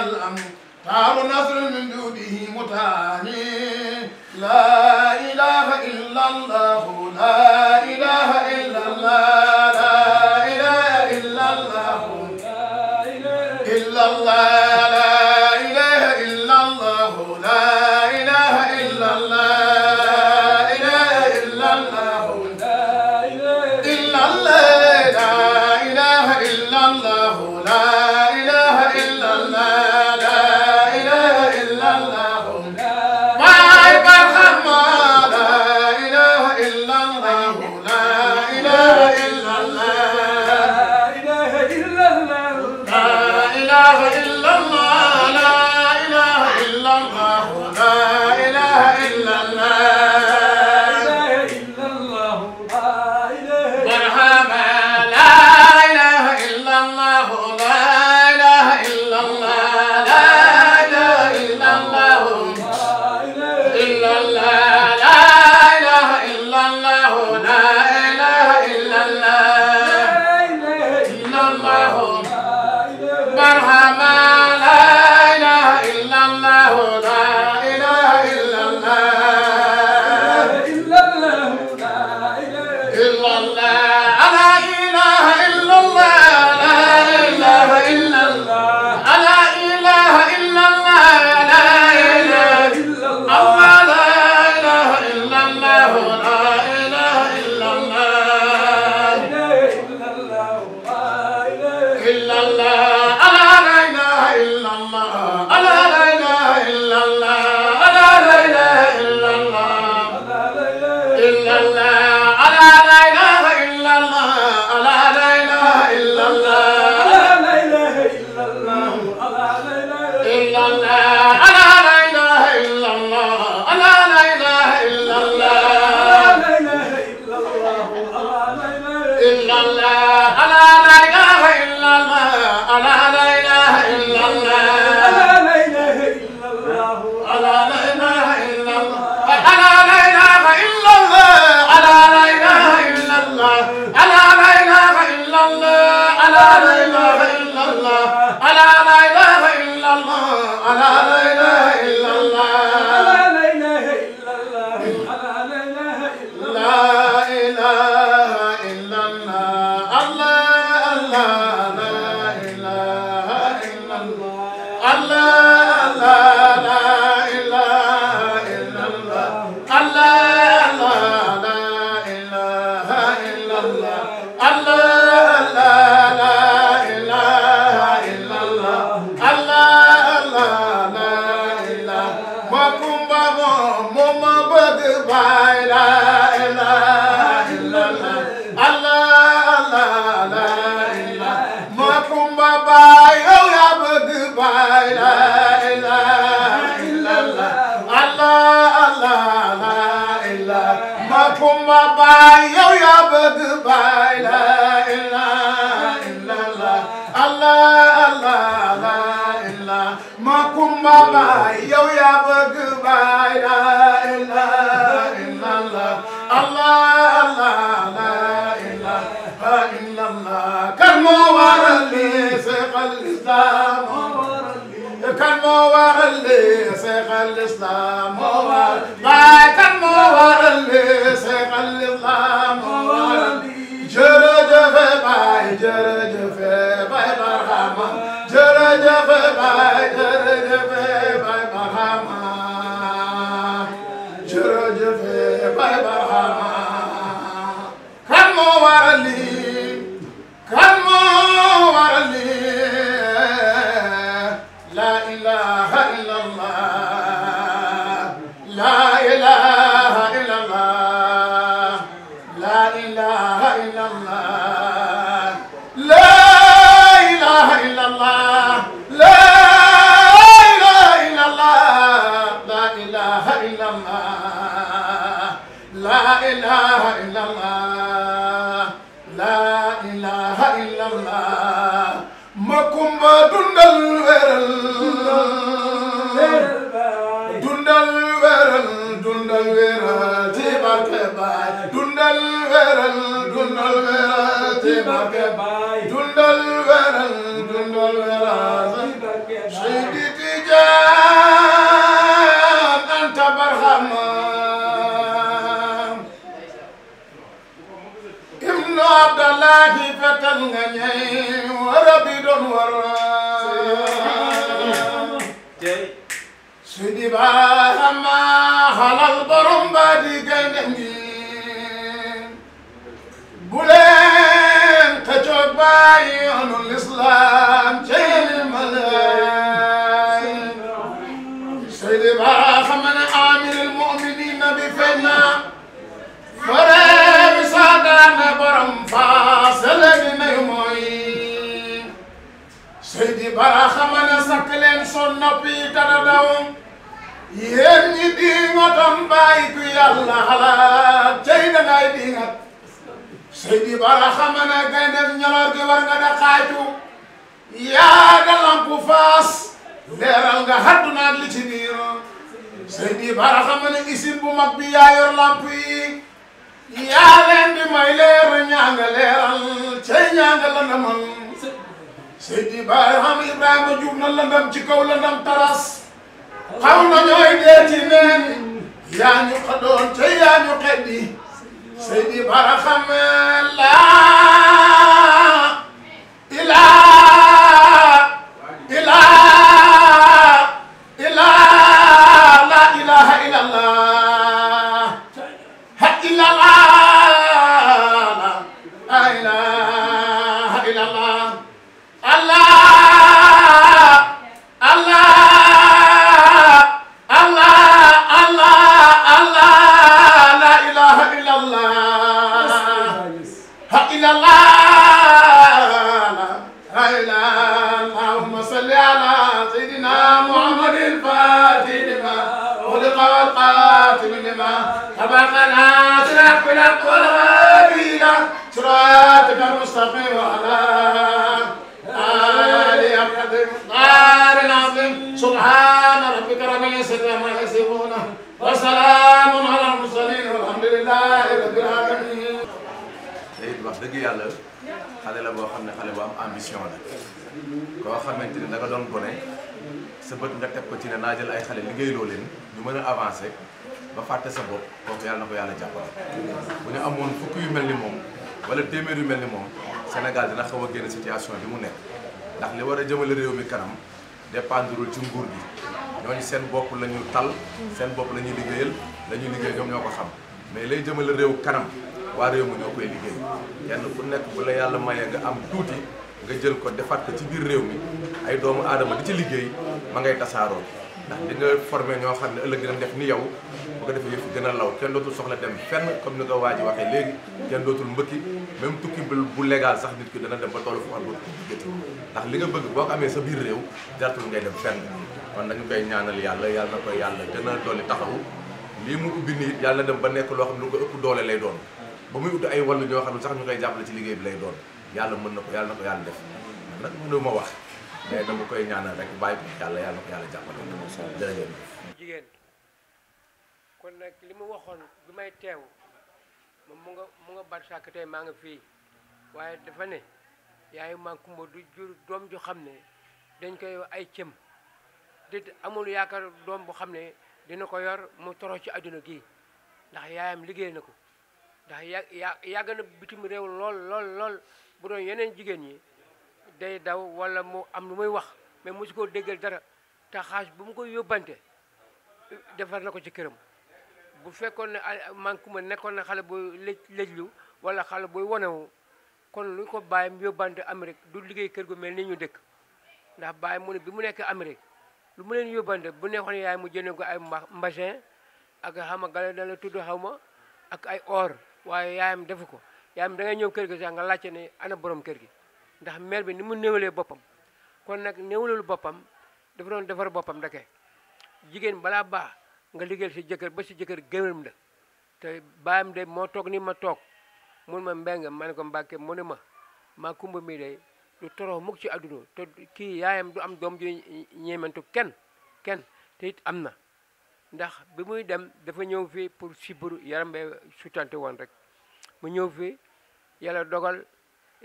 تكلم تار نصر من دونه متاني لا إله إلا الله لا allah allah la illah ma kumba baay yow yaa bëgg baay la illah illallah allah allah la illah la illallah kan moo waral li Cheikh al Islam kan moo waral li Cheikh al Islam moo waral baay kan moo waral li Cheikh al Islam moo waral jërëjëf baay jërëjëf never, I Mbakke dundal weral dundal weral Seydi Tijaan Anta Barhama ibnu Abdallahi fetal nga ñay warabi doon waral Seydi Barhama xalal borom ba di gaynde أهل الإسلام جيل الملايين سيد باخ من عامل المؤمنين بفنا فريب سادان برم فاصل بنيموي سيد باخ من سكلين سنبي تردوم yéen ñi di nga doon bàyyi ku yàlla xalaat cey da ngay di nga Seydi Bara xamana gaynde ñoloor gi war nga da yaa da lampu faas leeral nga xadduna li ci biir Seydi Bara xamana isin bu mag bi yaa yor lamp yi yaa leen di may leer ñaa nga leeral cay ñaa nga lëndëmal Seydi Bara xam Ibrahima na lëndëm ci kaw lëndëm taras xaw na ñooy dee ci neen yaa ñu xadoon cay yaa ñu xeddi seydi bara xam la ila ها إلا الله لا إله اللهم صل على سيدنا محمد الفاتح لما خلق والقاتم لما سبق ناصر الحق والغادي إلى صراطك المستقيم وعلى آله القدر العظيم سبحان ربك رب العزة عما يصفون وسلام على المرسلين والحمد لله رب العالمين wax dëgg yàlla xale la boo xam ne xale boo am ambition la koo xamante ni da doon bone sa bët nga teg ko ci ne naa jël ay xale liggéeyloo leen ñu mën a avancé ba fàtte sa bopp kooku yàlla na ko yàlla jàppale bu ñu amoon fukk yu mel ni moom wala téeméer yu mel ni moom Sénégal dina xaw a génn situation bi mu nekk ndax li war a jëmale réew mi kanam dépendrul ci nguur gi ñooñu seen bopp la ñu tal seen bopp la ñuy liggéeyal la ñuy liggéey ñoom ñoo ko xam mais lay jëmale waa réew mi ñoo koy liggéey kenn ku nekk bu la yàlla mayee nga am tuuti nga jël ko defaat ko ci biir réew mi ay doomu aadama di ci liggéey ma ngay tasaaroo ndax di nga formé ñoo xam ne ëllëg dinañ def ni yow bu ko defee yëf gën a law kenn dootul soxla dem fenn comme ni nga waa ji waxee léegi kenn dootul mbëkki même tukki bu légal sax nit ki dana dem ba tollu foo xam ne dootul ndax li nga bëgg boo ko amee sa biir réew jartul ngay dem fenn kon dañu koy ñaanal yàlla yàlla na koy yàlla gën a dolli taxawu lii mu ubbi nii yàlla dem ba nekk loo xam ne lu ko ëpp doole lay doon ba muy ut ay wàllu ñoo xam ne sax ñu koy jàppale ci liggéey bi lay doon yàlla mën na ko yàlla na ko yàlla def nag mënu ma wax mais koy ñaanal rek bàyyi ko yàlla yàlla na kon nag li mu waxoon bi may teew moom mu nga mu nga bat sàkk tey maa nga fii waaye dafa ne yaayu maa kumba du jur doom ju xam ne dañ koy ay cëm di amul yaakaar doom bu xam ne dina ko yor mu toro ci adduna gi ndax yaayam liggéey na ko ndax ya yàgg na bitim réew lool lool lool bu doon yeneen jigéen ñi day daw wala mu am lu muy wax mais mosu koo déggal dara te bu mu ko yóbbante defar na ko ci këram bu fekkoon ne man ku ma nekkoon na xale booy lëj lëjlu wala xale booy wonewu kon lu ko mu yóbbante Amérique du liggéey kër gu mel ni ñu dëkk ndax bàyyi mu ne bi mu nekk Amérique lu mu leen yóbbante bu nekkoon yaay mu jëndee ko ay mbasin ak xama gala dala tudd xaw ma ak ay or waaye yaayam defu ko yaayam da ngay ñëw kër gi sax nga laajte ne ana borom kër gi ndax mère bi ni mu néewalee boppam kon nag néewalul boppam dafa doon defar boppam dake jigéen balaa baa nga liggéeyal si jëkkër ba si jëkkër gërëm la te baayam de moo toog ni ma toog mun ma mbeng ma ne ko mbake mu ne ma maa kumba mii de du torox mukk ci àdduna te kii yaayam du am doom ju ñeemantu kenn kenn te am na ndax bi muy dem dafa ñëw fii pour sibiru yaram bi sutante woon rek mu ñëw fii yàlla dogal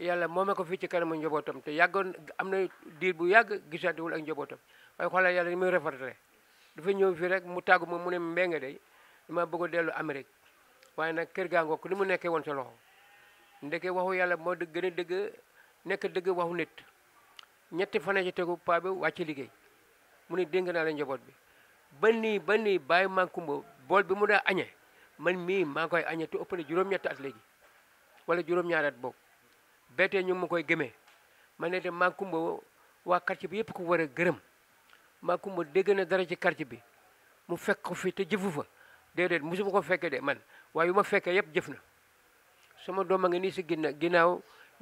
yàlla moome ko fii ci kanamu njabootam te yàggoon am na diir bu yàgg gisaatewul ak njabootam waaye xoolal yàlla ni muy rafetale dafa ñëw fii rek mu tàggu ma mu ne mbénga day dama bëgg dellu Amérique waaye nag kër gaa ngoog mu nekkee woon sa loxo ndeke waxu yàlla moo dëgg gën a dëgg nekk dëgg waxu nit ñetti fan ci tegu paa bi liggéey mu ne dénk naa la njaboot bi ba nii ba nii bàyyi mankumba bool bi mu daa añe man mii maa koy añe te ëpp na juróom-ñetti at léegi wala juróom-ñaari at boobu beetee ñu ngi ma koy gëmee ma ne maa mankumba waa quartier bi yëpp ku war a gërëm maa mankumba dégg na dara ci quartier bi mu fekk ko fi te jëfu fa déedéet mosuma ko fekkee de man waaye yu ma fekkee yëpp jëf na sama doom a ngi nii si ginna ginnaaw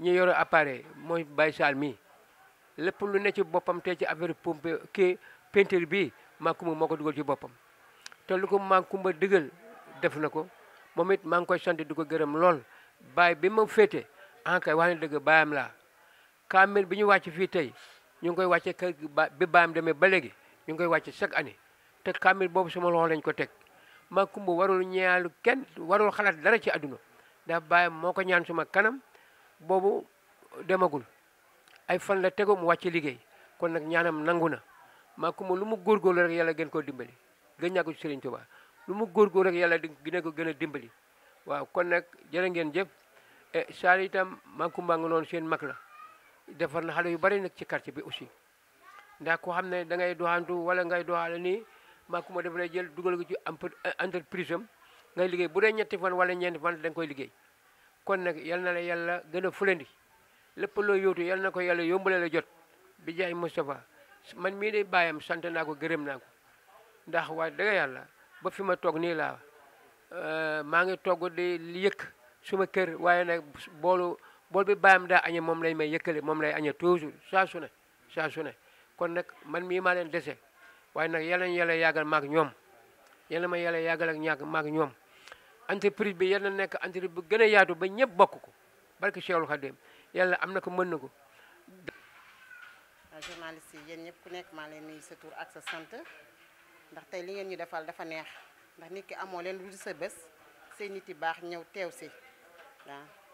ñu yore appareil mooy Baye Sall mii lépp lu ne ci boppam te ci affaire pompe kii peinture bi Makumba moo ko dugal ci boppam te lu ko Makumba digal def na ko moom it maa ngi koy sant di ko gërëm lool baay bi ma féete en ah kay wax ne dëgg baayam laa kaamil bi ñu wàcc fii tey ñu ngi koy wàcce kër bi baayam demee ba léegi ñu ngi koy wàcce chaque année te kaamil boobu suma loxo lañ ko teg Makumba warul ñaalu kenn warul xalaat dara ci àdduna ndax baayam moo ko ñaan suma kanam boobu demagul ay fan la tego mu wàcc liggéey kon nag ñaanam nangu na mo lu mu góorgóorlu rek yalla gën ko dimbali gën ñàkku ci sëriñ tuba lu mu góorgóorlu rek yalla dina ko gëna dimbali waaw kon nak jere ngeen jëf e eh, tam ma ko nga non seen mak la defal na xale yu bari nak ci quartier bi aussi nda ko xamne da ngay doxantu wala ngay ni nii makuma daf lay jël dugal ko ci entreprise am ngay liggéey bu dee ñetti fan wala ñeenti fan da nga koy liggéey kon nak yalla na la yalla gëna fulandi lepp lo yóotu yalla nako ko yàlla yombale la jot bi jay mustafa man mii day bàyyam sant naa ko gërëm naa ko ndax waa dëgg yàlla ba fi ma toog nii laa maa ngi togg di yëkk suma kër waaye nag boolu bool bi bàyyam daa añe moom lay may yëkkale moom lay añe toujours saa su ne saa su ne kon nag man mii maa leen dese waaye nag yal nañu yàlla yàggal maak ñoom yal ma yàlla yàggal ak ñaak maak ñoom entreprise bi yal na nekk entreprise bu gën a yaatu ba ñëpp bokk ko barke Cheikhul Khadim yàlla am na ko mën na ko journaliste yi yéen ñëpp ku nekk maa leen nuyu sa tur ak sa sant ndax tey li ngeen ñu defal dafa neex ndax nit ki amoo leen lu sa bés say nit yi baax ñëw teew si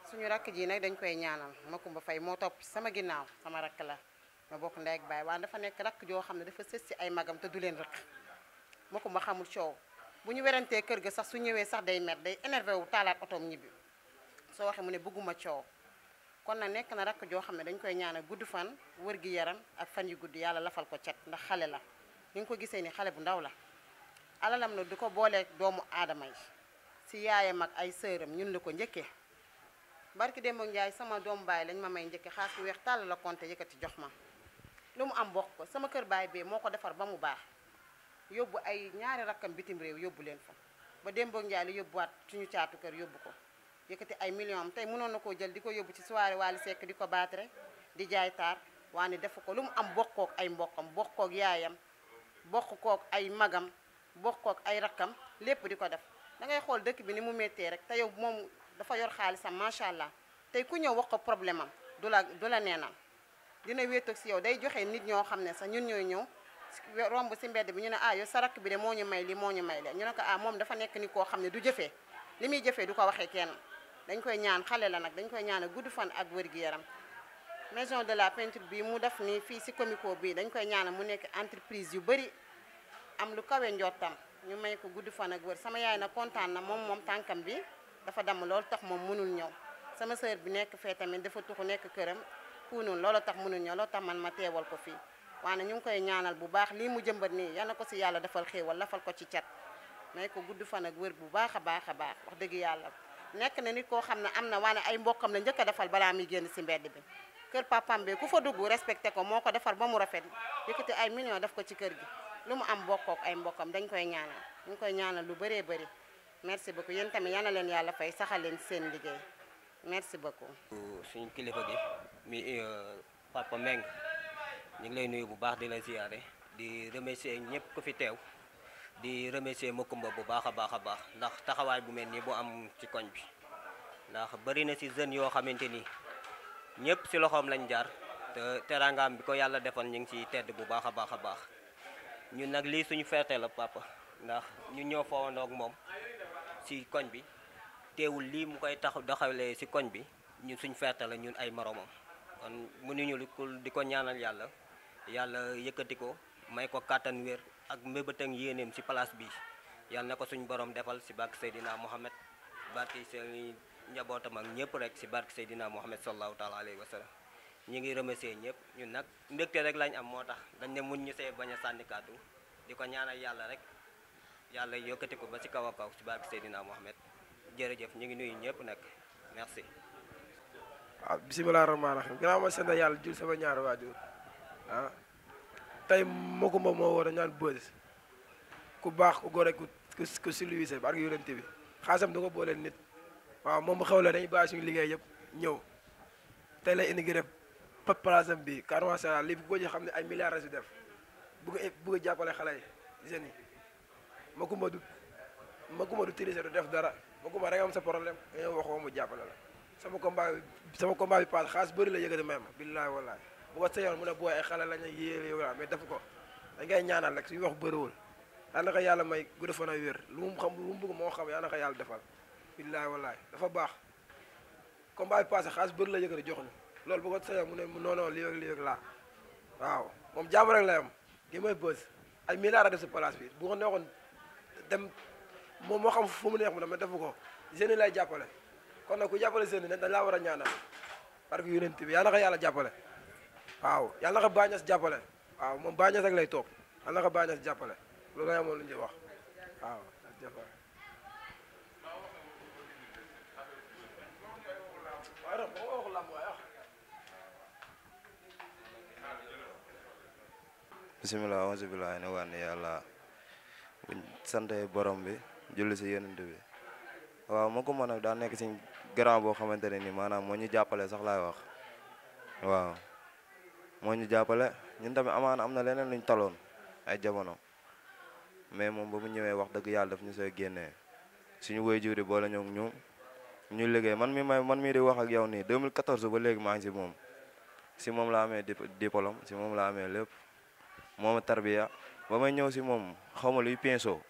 suñu rakk ji nag dañ koy ñaanal Makumba Fay moo topp sama ginnaaw sama rakk la ma bokk ndey ak baay waaye dafa nekk rakk joo xam ne dafa sës si ay magam te du leen rëq Makumba xamul coow bu ñu werantee kër ga sax su ñëwee sax day met day énervé wu taalaat otoom ñibbi soo waxee mu ne bëgguma coow kon na nekk na rakk joo xam ne dañ koy ñaanal gudd fan wër gi yaram ak fan yu gudd yàlla lafal ko cet ndax xale la ni nga ko gisee ni xale bu ndaw la alalam na du ko boolee doomu aadama yi si yaayam ak ay sëram ñun la ko njëkkee barki démb Njaay sama doomu baay lañ ma may njëkke xaas bu weex tàll la konte yëkkati jox ma lu mu am bokk ko sama kër baay bee moo ko defar ba mu baax yóbbu ay ñaari rakkam bitim réew yóbbu leen fa ba démb Njaay la yóbbuwaat suñu caatu kër yóbbu ko yëkkati ay million am tey mënoon na koo jël di ko yóbbu ci soirée Wally sekk di ko baatare di jaay taar waane def ko lu mu am bokkook ay mbokkam bokkook yaayam bokk kook ay magam bokkook ay rakkam lépp di ko def da ngay xool dëkk bi ni mu méttee rek te yow moom dafa yor xaalisam macha allah tey ku ñëw wax ko problème am du la du la neenal dina wéetoog si yow day joxe nit ñoo xam ne sax ñun ñooy ñëw romb si mbedd bi ñu ne ah yow sa rakk bi de moo ñu may li moo ñu may le ñu ne ko ah, moom dafa nekk ni koo xam ne du jëfee li muy jëfee du ko waxee kenn dañ koy ñaan xale la nag dañ koy ñaan gudd fan ak wér-gu-yaram maison de la peinture bi mu def nii fii si comico bi dañ koy ñaanal mu nekk entreprise yu bëri am lu kawe njottam ñu may ko gudd fan ak wër sama yaay na kontaan na moom moom tànkam bi dafa damm loolu tax moom mënul ñëw sama sœur bi nekk fee tamit dafa tuxu nekk këram kuunoon loolu tax mënul ñëw loolu tax man ma ko fii waane ñu ngi koy ñaanal bu baax lii mu jëmbat nii yal ko si yàlla dafal xéewal lafal ko ci cat may ko gudd fan ak wër bu a baax a baax wax dëgg yàlla nekk na nit koo xam ne am na waane ay mbokkam la njëkk a defal balaa muy génn si mbedd bi kër papam bi ku fa dugg respecté ko moo ko defar ba mu rafet yëkkati ay millions def ko ci kër gi lu mu am bokkook ay mbokkam dañ koy ñaanal dañ koy ñaanal lu baree bëri merci beaucoup yan tamit yal na leen yàlla fay saxal leen seen liggéey merci beaucoup. suñu kilifa gi mi euh, papa Meng ñu ngi lay nuyu bu baax di la ziyaare di remercier ñëpp ku fi teew. di remercier Makumba bu baax a baax a baax ndax taxawaay bu mel nii bu am ci koñ bi ndax bëri na si jeunes yoo xamante ni ñëpp si loxoom lañ jaar te teraangaam bi ko yàlla defal ñu ngi ciy tedd bu baax a baax a baax ñun nag lii suñu fierté la papa ndax ñu ñoo foowandoog moom si koñ bi teewul lii mu koy tax doxalee si koñ bi ñun suñ fierté la ñun ay moroomam kon mënuñu di ko ñaanal yàlla yàlla yëkkati ko may ko kàttan wér ak mbebet ak yeneem ci place bi yalla nako ko suñu borom defal ci barke sayidina Mohamed barki seen njabotam ak ñepp rek ci bark sayidina Mohamed sallallahu taala alayhi Wasallam. ñi ngi remercier ñepp ñun nak mbégte rek lañ am motax dañ ne mun ñu sey baña a kaddu diko ñaanal yalla rek yalla yokkati ko ba ci kaw kaw ci barke Seydina Mohamed jërëjëf ñi ngi nuyu ñepp nak merci. waaw ah, bisimilah rahmaani rahiim ginnaaw ma jul sama ah. tey Makumba moo war a ñaan bës ku baax ku gore ku ku civilisé barke yonent bi xaasam du ko booleel nit waaw moom xew la dañuy bàyyi suñu liggéey yëpp ñëw tey lay indi rek palaasam bi carrément ça lii bu ko xam ne ay milliards la def bëgg a bëgg a jàppale xale yi jeunes yi Makumba du Makumba du tirise def dara Makumba rek am sa problème nga jàppale la sama combat bi sama combat bi paas xaas bëri la yëkkati may ma billaahi wallaahi bu ko sañoon mu ne booy ay la lañ ak yéele yow yaa mais ko dañ ngay ñaanal rek suñu wax bëriwul yàlla na ko may gudd fan a wér lu mu moo xam yàlla na ko yàlla defal billaahi wallaahi dafa baax combat bi passé xaalis bëri la yëkkati jox ñu loolu bu ko mu ne non non lii laa waaw moom jàmm rek la am gi may bës ay milliards a def si place bi bu ko neexoon dem moom moo xam fu mu neex mu ne defu ko jeunes yi lay jàppale kon na ku jàppale jeunes yi dañ laa war a ñaanal parce que yonent bi yàlla jàppale waaw yàlla na ko baañas jàppale waaw moom baañas rek lay toog yàlla le, ko jàppale loolu la amoon lu ñuy wax waaw jàppale bisimilah auzu billahi ne wànni yàlla buñ sante borom bi julli si yonent bi waaw moo ko mën a daa nekk si grand boo xamante ne ni maanaam moo ñu jàppale sax laay wax waaw moo ñu jàppale ñun tamit amaana am na leneen luñ taloon ay jamono mais moom ba mu ñëwee wax dëgg yàlla daf ñu see génnee suñu woy juri boole ñoom ñu ñu liggéey man mi may man mii di wax ak yow nii 2014 ba léegi maa si moom si moom laa amee diplôme si moom laa amee lépp moom a tarbiya ba may ñëw si moom xaw ma luy pinceau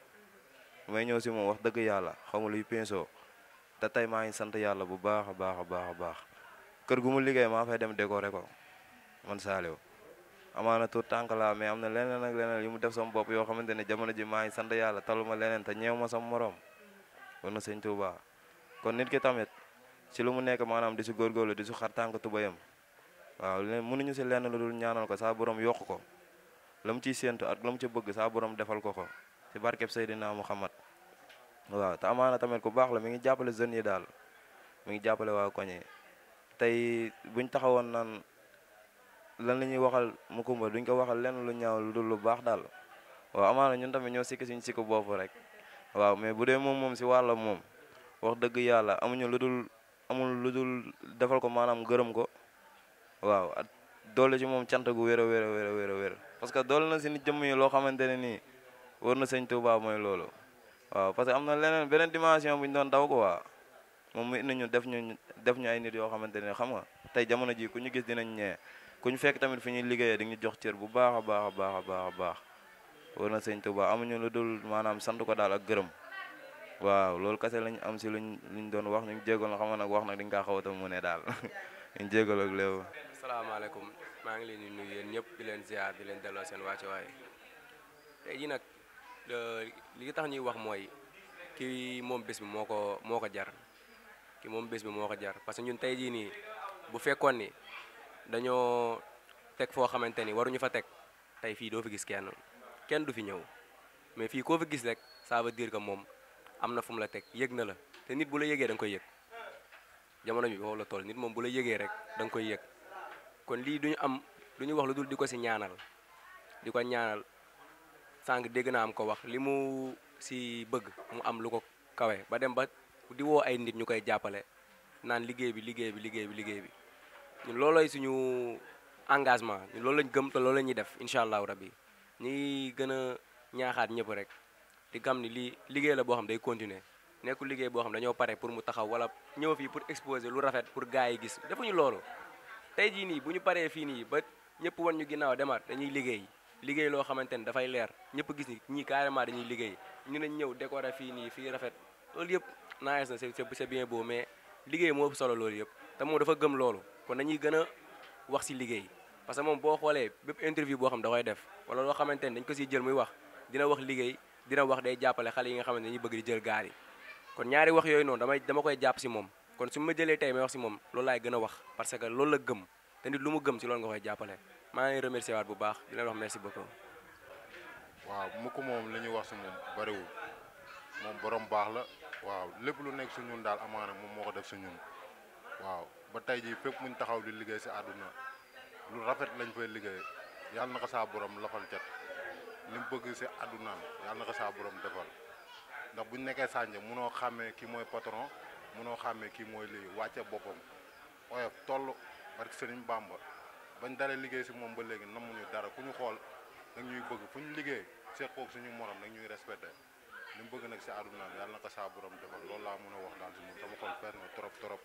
may ñëw si moom wax dëgg yàlla xaw ma luy pinceau te tey maa ngi sant yàlla bu baax a baax a baax a baax kër gu mu liggéey maa fay dem décorer ko man Saliou amaana tur tànk laa mais am na leneen ak leneen yu mu def sama bopp yoo xamante ne jamono ji maa ngi yàlla taluma leneen te ñeew ma sama morom war na sëñ Touba kon nit ki tamit si lu mu nekk maanaam di si góorgóorlu di si xar tànk tubayam waaw leen mënuñu si lenn lu dul ñaanal ko saa borom yokk ko la mu ciy séentu ak la mu ci bëgg saa borom defal ko ko si barkeb Seydina Muhammad waaw te amaana tamit ku baax la mi ngi jàppale jeunes yi daal mu ngi jàppale waa koñe tey buñ taxawoon naan lan la ñuy waxal Macoumba duñ ko waxal lenn lu ñaaw lu dul lu baax daal waaw amaana ñun tamit ñoo sikki siñ sikku bopp rek waaw mais bu dee moom moom si wàlla moom wax dëgg yàlla amuñu lu dul amul lu dul defal ko maanaam gërëm ko waaw at doole moom cant gu wér a wér a a wér parce que doole na si jëmm yi loo xamante ne nii war na sëñ Touba mooy loolu waaw parce que am na leneen beneen dimension bu ñu doon daw ko waa moom mu na ñu def ñu def ñu ay nit yoo xamante ne xam nga tey jamono ji ku ñu gis dinañ ñee kuñ fekk tamit fi ñuy liggéeyee di ñu jox cër bu baax a baax a baax a baax a baax war na sëñ Tuubaa amuñu lu dul maanaam sant ko daal ak gërëm waaw loolu kase lañ am si luñ luñ doon wax ñu ngi jégal xam nga nag wax nag di nga kaa xaw a mu ne daal ñu jégal ak léew asalaamaaleykum maa ngi leen di nuyu yéen ñëpp di leen ziar di leen delloo seen wàcce waaye tey jii nag li tax ñuy wax mooy ki moom bés bi moo ko moo ko jar ki moom bés bi moo ko jar parce que ñun tey jii nii bu fekkoon ni dañoo teg foo xamante ni waruñu fa teg tey fii doo fi gis kenn kenn du fi ñëw mais fii koo fi gis rek ça veut dire que moom am na fu mu la teg yëg na la te nit bu la yëgee danga koy yëg jamono bi foofu la nit moom bu la yëgee rek da nga koy yëg kon lii duñu am duñu wax lu dul di ko si ñaanal di ko ñaanal sànq dégg naa am ko wax li mu si bëgg mu am lu ko kawe ba dem ba di woo ay nit ñu koy jàppale naan liggéey bi liggéey bi liggéey bi liggéey bi ñu loolooy suñu engagement ñun loolu lañ gëm te loolu la ñuy def incha allahu rabbi ñu ngi gën a ñaaxaat ñëpp rek di xam ni lii liggéey la boo xam day continuer nekkul liggéey boo xam dañoo pare pour mu taxaw wala ñëw fii pour exposer lu rafet pour gars yi gis defuñu loolu tey jii nii bu ñu paree fii nii ba ñëpp wan ñu ginnaaw demaat dañuy liggéey liggéey loo xamante ni dafay leer ñëpp gis ni ñii carrément dañuy liggéey ñu ne ñëw décorer fii nii fii rafet loolu yëpp nice na c'est bien boo mais liggéey moo ëpp solo loolu yëpp te moom dafa gëm loolu kon nañuy gën a wax si liggéey parce que moom boo xoolee bépp interview boo xam da koy def wala loo xamante ni dañ ko siy jël muy wax dina wax liggéey dina wax day jàppale xale yi nga xamante ne dañuy bëgg di jël gaar kon ñaari wax yooyu noonu damay dama koy jàpp si moom kon su ma jëlee tey may wax si moom loolu laay gën wax parce que loolu la gëm te nit lu mu gëm si loolu nga koy jàppale maa ngi remercier waat bu baax di leen wax merci beaucoup. waaw mukk moom la ñuy wax si moom bariwul moom borom baax la waaw lépp lu nekk su ñun daal amaana moom moo ko def su ñun waaw ba tay ji fepp muñ taxaw di liggéey ci aduna lu rafet lañ fay liggéey yalla na sa borom lafal cat li mu bëgg ci aduna yalla na sa borom defal ndax buñ nekké sànje mëno xamé ki moy patron mëno xamé ki moy lii wacce bopam oyof tollu barke sëriñ bamba bañ dalee liggéey ci mom ba namu ñu dara ku ñu xool nag ñuy bëgg fu liggéey liggéey seqoog suñu morom nak ñuy respecté lim bëgg nak ci aduna yalla na sa borom defal loolu laa mën wax dal si moom sama xol fees trop trop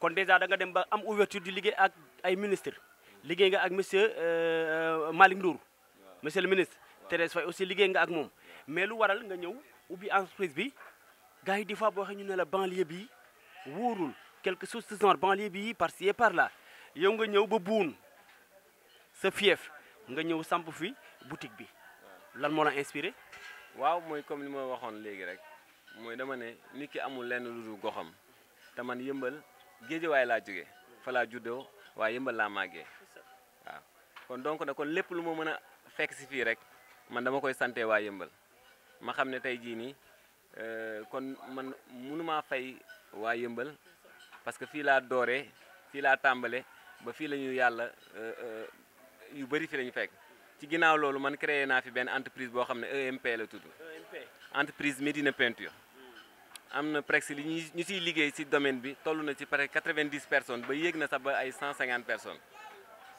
kon dèjà da nga dem ba am ouverture di liggéey ak ay ministre liggéey nga ak mosieur euh, euh, Malick Ndour monsieur le ministre Thérèse Faye aussi liggéey nga ak moom mais lu waral nga ñëw ubbi entreprise bi gars yi des fois boo waxee ñu ne la banlieue bi wóorul quelque chose de genre banlieue bi par ci par là yow nga ñëw ba buun sa fief nga ñëw samp fi boutique bi lan moo la inspiré waaw mooy comme ni ma waxoon léegi rek mooy dama ne nit ki amul lenn lu dul goxam te man yëmbal géejewaay laa jóge fa laa juddoo waaye yëmbal laa màggee waaw kon donc nag kon lépp lu ma mën a fekk si fii rek man dama koy sante waa yëmbal ma xam ne tey jii nii euh, kon man mënumaa fay waa yëmbal parce que fii laa dooree fii laa tàmbale ba fii la ñu yàlla euh, euh, yu bari fi la fekk ci ginnaaw loolu man créé naa fi benn entreprise boo xam ne e mp la tudd e entreprise Médina Peinture am na presque li ñu ñu siy liggéey si domaine bi toll na ci presque 90 personnes ba yéeg na sax ba ay 150 personnes.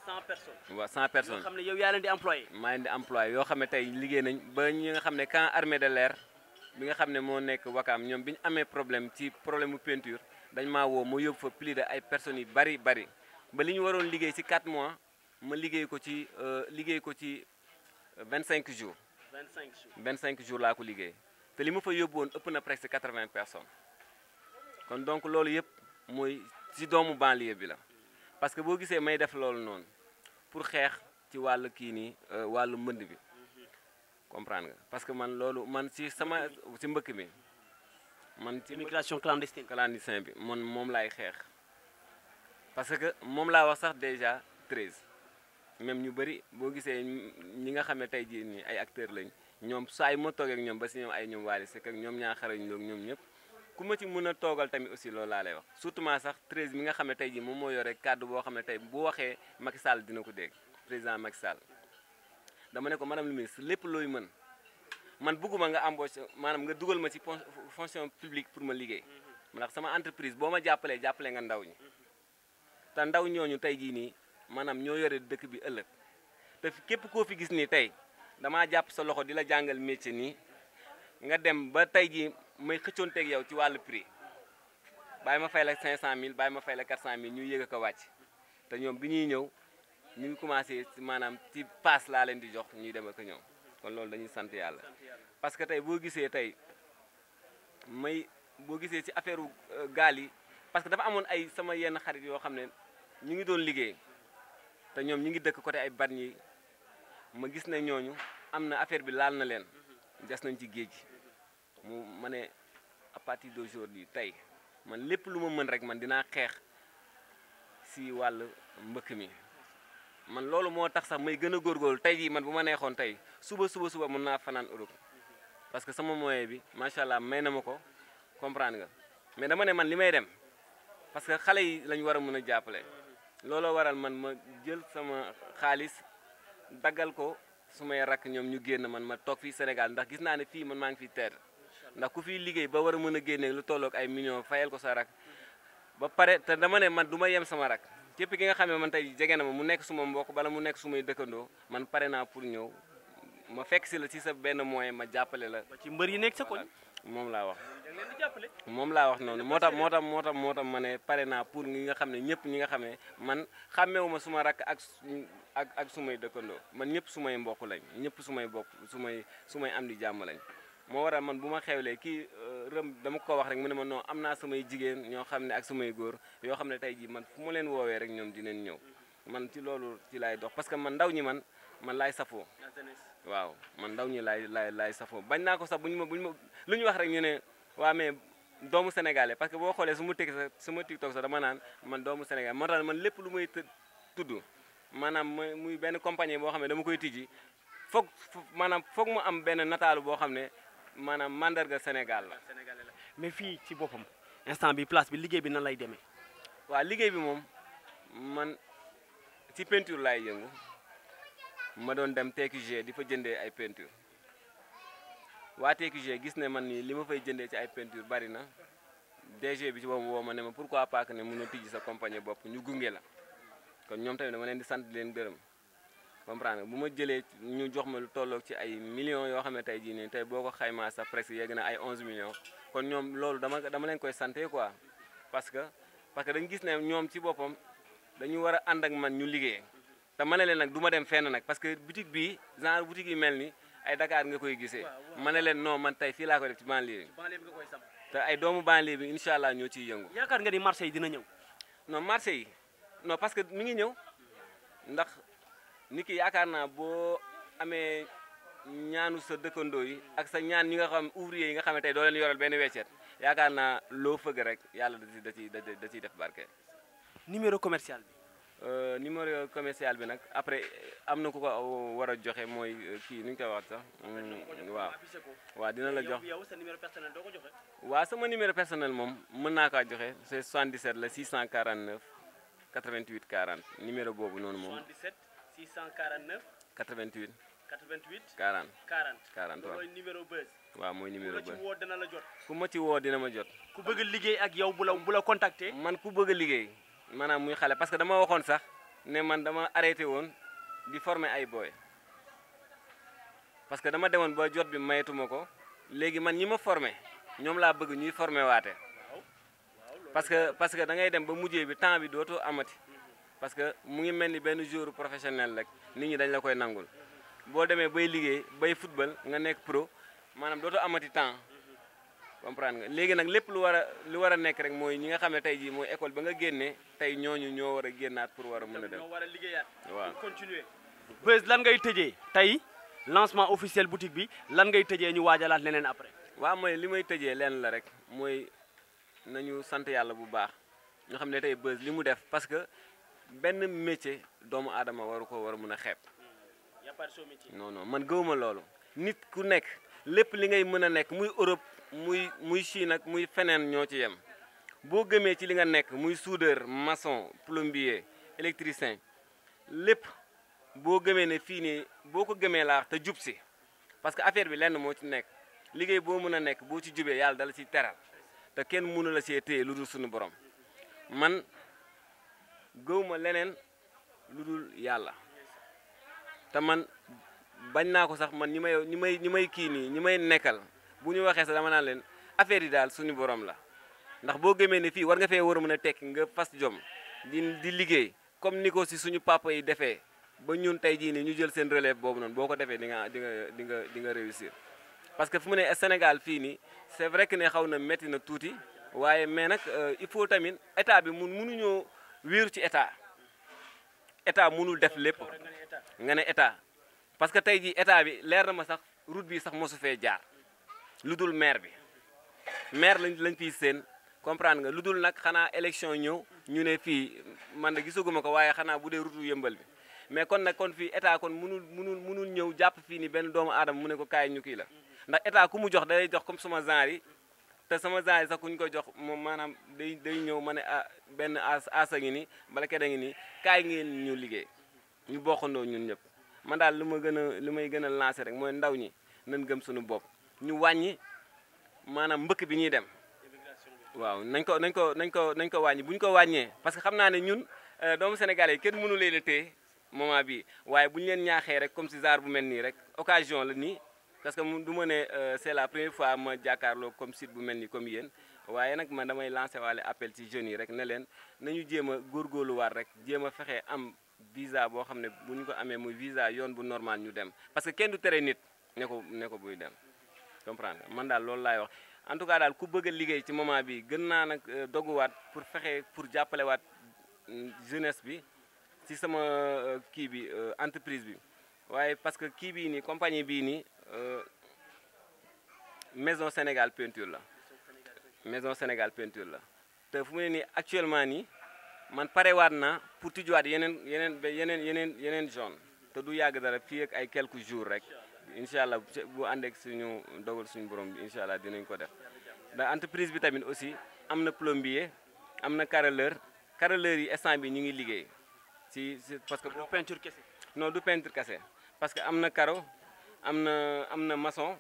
100 personnes waaw 100 personnes. yoo xam ne yow yaa leen di employé. maa leen di employé yoo xam ne tey liggéey nañ ba ñi nga xam ne camp armée de l'air bi nga xam ne moo nekk wakaam ñoom bi ñu amee problème ci problème mu peinture dañ maa woo ma yóbbu fa plus de ay personnes yu bari bari ba li ñu waroon liggéey si 4 mois ma liggéey ko ci euh, liggéey ko ci 25 euh, jours. 25 jours 25 jours laa ko liggéey te li mu fa yóbbu woon ëpp na presque quatre-vingts personnes kon donc loolu yëpp muy ci doomu banlieue bi la parce que boo gisee may def loolu noonu pour xeex ci wàllu kii nii euh, wàllu mbënd bi comprendre nga parce que man loolu man ci sama ci mbëkk bi man ci immigration clandestine clandestin bi man moom laay xeex parce que moom laa wax sax déjà treize même ñu bëri boo gisee ñi nga xam ne tey jii nii ay acteurs lañu ñoom saa yu ma toogee ak ñoom ba si ñoom ay ñoom Waly Seck ak ñoom ñaa xarañ loog ñoom ñëpp ku ma ci mën a toogal tamit aussi loolu laa lay wax surtout ment sax 13 mi nga xam ne tey ji moom moo yore kàddu boo xam ne tey bu waxee Macky Sall dina ko dégg président Macky Sall dama ne ko madame le ministre lépp looy mën man bëgguma nga embauché maanaam nga dugal ma ci fonction publique pour ma liggéey ndax sama entreprise boo ma jàppalee jàppale nga ndaw ñi te ndaw ñooñu tey jii nii maanaam ñoo yore dëkk bi ëllëg te képp koo fi gis nii tey damaa jàpp sa loxo di la jàngal métier nii nga dem ba tey jii may xëccoon xëccoonteeg yow ci wàllu prix bàyyi ma fay la 500000 bàyyi ma fay la 400000 ñu yëg a ko wàcc te ñoom bi ñuy ñëw ñu ngi commencé maanaam ci paas laa leen di jox ñuy dem ak ñëw kon loolu dañuy sant yàlla. parce que tey boo gisee tey may boo gisee ci affaire euh, gaal yi parce que dafa amoon ay sama yenn xarit yoo xam ne ñu ngi doon liggéey te ñoom ñu ngi dëkk côté ay Bargny ma gis ne ñooñu am na affaire bi laal na leen des nañ ci géej gi mu ma ne à partir d'aujourd'hui tey man lépp lu ma mën rek man dinaa xeex si wàll mbëkk mi man loolu moo tax sax may gën a góorgóorlu tey jii man bu ma neexoon tey suba suba suba mun naa fanaan Europe parce que sama moyen bi macha allah may na ma ko comprendre nga mais dama ne man li may dem parce que xale yi lañ war a mën a jàppale looloo waral man ma jël sama xaalis daggal ko sumay rakk ñoom ñu génn man ma toog fii Sénégal ndax gis naa ne fii man maa ngi fi teer ndax ku fi liggéey ba war a mën a génne lu tolloog ay millions fayal ko sa rakk ba pare te dama ne man du ma yem sama rakk képp ki nga xam man tey jege na ma mu nekk suma mbokk bala mu nekk sumay dëkkandoo man pare naa pour ñëw ma fekk si la si sa benn moyen ma jàppale la. ci mbër yi nekk sa koñ moom laa wax. moom laa wax noonu moo tax moo tax moo tax moo tax ma ne pare naa pour ñi nga xam ne ñëpp ñi nga xam ne man xàmmewuma suma rakk ak ak ak sumay dëkkandoo man ñëpp sumay mbokk lañ ñëpp sumay bokk sumay sumay am di jàmm lañ moo waral man bu ma xewlee kii euh, rëm dama ko wax rek mu ne ma non am naa samay jigéen ñoo xam ne ak samay góor yoo xam ne tey jii man fu ma leen woowee rek ñoom dinañ ñëw man ci loolu ci laay dox parce que man ndaw ñi man man laay safoo waaw man ndaw ñi laay laay laay safoo bañ naa ko sax buñ ma buñ ma lu ñu wax rek ñu ne waa mais doomu sénégalais parce que boo xoolee su ma teg sa su ma tiktok sax dama naan man doomu sénégal ma tax man lépp lu may tudd maanaam muy benn compagnie boo xam ne dama koy tijji foog maanaam foog mu am benn nataalu boo xam ne maanaam mandarga senegal la. mais fii ci boppam instant bi place bi liggéey bi na lay demee. waa liggéey bi moom man ci peinture laay yëngu ma doon dem TQG di fa jëndee ay peinture waa TQG gis ne man nii li ma fay jëndee ci ay peinture bari na DG bi ci boobu woo ma ne ma pourquoi pas que ne mun na tijji sa compagnie bopp ñu gunge la kon ñoom tamit dama leen di sant di leen gërëm comprendre bu ma jëlee ñu jox ma lu tolloog ci ay millions yoo xam ne tey jii nii tey boo ko xaymaa sax presque yegg na ay 11 millions kon ñoom loolu dama dama leen koy santé quoi parce que parce que dañ gis ne ñoom ci boppam dañu war a ànd ak man ñu liggéey te ma ne leen nag du ma dem fenn nag parce que boutique bii genre boutique yi mel ni ay dakaar nga koy gisee ma ne leen non man tey fii laa ko def ci banlieue te ay doomu banlieue bi incha allah ñoo ciy yëngu. yaakaar nga ni marché yi dina ñëw. non marché yi non parce que mi ngi ñëw ndax nit ki yaakaar naa boo amee ñaanu sa dëkkandoo yi ak sa ñaan ñi nga xam ouvrier yi nga xam ne tey doo leen yoral benn weccet yaakaar naa loo fëgg rek yàlla da ciy da ciy da ciy def barke. numéro commercial bi. Euh, numéro commercial bi nag après am na ku ko euh, war a joxe mooy euh, kii nu ñu koy wax sax. Mm, waaw waaw dina la jox yow sa numéro personnel doo ko joxe. waaw sama numéro personnel moom mën naa kaa joxe c'est 77 la 649 88 40 numéro boobu noonu moom. 77 649. 88. 88 40 40 40 waaw mooy numéro buzz. waaw mooy numéro buzz ku ma la jot. ku ma ci woo dina ma jot. ku bëgg liggéey ak yow bu la bu la contacter. man ku bëgg a liggéey. maanaam muy xale parce que dama waxoon sax ne man dama arrêté woon di former ay booy parce que dama demoon boo jot bi mayetuma ko léegi man ñi ma formé ñoom laa bëgg ñuy formé waate parce que parce que da ngay dem ba mujjee bi temps bi dootoo amati parce que mu ngi mel ni benn joueur professionnel rek nit ñi dañ la koy nangul boo demee bay liggéey bay football nga nekk pro maanaam dootu amati temps comprendre nga léegi nag lépp lu war a lu war a nekk rek mooy ñi nga xam ne tey jii mooy école ba nga génnee tey ñooñu ñoo war a génnaat pour war a mën a dem war a waaw continuer bés lan ngay tëjee tey lancement officiel boutique bi lan ngay tëjee ñu waajalaat leneen après waaw mooy li may tëjee leen la rek mooy nañu sant yàlla bu baax ñu xam ne tey bés li mu def parce que benn métier doomu aadama waru ko war a mën a xeeb non non man gëwuma loolu nit ku nekk lépp li ngay mën a nekk muy Europe muy muy Chine nag muy feneen ñoo ci yem boo gëmee ci li nga nekk muy soudeur maçon plombier électricien lépp boo gëmee ne fii nii boo ko gëmee laax te jub si parce que affaire bi lenn moo ci nekk liggéey boo mën a nekk boo ci jubee yàlla dala ci teral te kenn mënu la see lu dul suñu borom man gëwma leneen lu dul yàlla te man bañ naa ko sax man ñi may ñi may ñi may kii nii ñi may nekkal bu ñu waxee sa dama naan leen affaire yi daal suñu borom la ndax boo gëmee ne fii war nga fee war a mën a tekki nga fas jom di di liggéey comme ni ko si suñu papa yi defee ba ñun tey jii nii ñu jël seen relève boobu noonu boo ko defee di nga di nga di nga di nga réussir. parce que fu mu ne Sénégal fii nii c'est vrai que ne xaw na métti na tuuti waaye mais nag euh, il faut tamit état bi mun munu mënuñoo wéeru ci état état mënul def lépp nga ne état parce que tey jii état bi leer na ma sax route bi sax mosu fee jaar. lu dul maire bi maire lañ lañ fiy seen comprendre nga lu dul nag xanaa élection ñëw ñu ne fii man de gisaguma ko waaye xanaa bu dee rutu yëmbal bi mais kon nag kon fii état kon munul munul munul ñëw jàpp fii ni benn doomu aadama mu ne ko kaay ñu kii la ndax état ku mu jox day jox comme sama genre yi te sama genre yi sax ku ñu ko jox moom maanaam day day ñëw ma ne ah, benn as asa ngi ni bala keda ngi ni kaay ngeen ñu liggéey ñu bokkandoo ñun ñëpp man daal li ma gën a li may gën a lancé rek mooy ndaw ñi nañ gëm suñu bopp ñu wàññi maanaam mbëkk bi ñuy dem waaw nañ ko nañ ko nañ ko nañ ko wàññi bu ñu ko wàññee parce que xam naa ne ñun euh, doomu Sénégal yi kenn mënu leen a téye moment bi waaye bu ñu leen ñaaxee rek comme si genre bu mel nii rek occasion la nii parce que du ma ne euh, c'est la première fois ma jàkkaarloo comme site bu mel nii comme yéen waaye nag man damay lancé waale appel ci jeunes yi rek ne leen nañu jéem a góorgóorluwaat rek jéem a fexe am visa boo xam ne bu ñu ko amee muy visa yoon bu normal ñu dem parce que kenn du tere nit ne ko ne ko buy dem comprendre man daal loolu laay wax en tout cas daal ku bëgg liggéey ci moment bi gën naa nag euh, doguwaat pour fexe pour jàppalewaat mm, jeunesse bi ci sama euh, kii bi euh, entreprise bi waaye parce que kii bii nii compagnie bii nii maison Sénégal peinture la maison Sénégal peinture la te fu mu ne nii actuellement nii man parewaat na pour tijjuwaat yeneen yeneen yeneen yeneen yeneen zone te du yàgg dara fii ay quelques jours rek incha allah bu ànd suñu dogal suñu borom bi incha allah dinañ ko def da entreprise bi tamit aussi am na plombier am na carreleur carreleur yi instant bi ñu ngi liggéey si parce que. du peinture kese. non du peinture kese parce que am na carreau am na am na maçon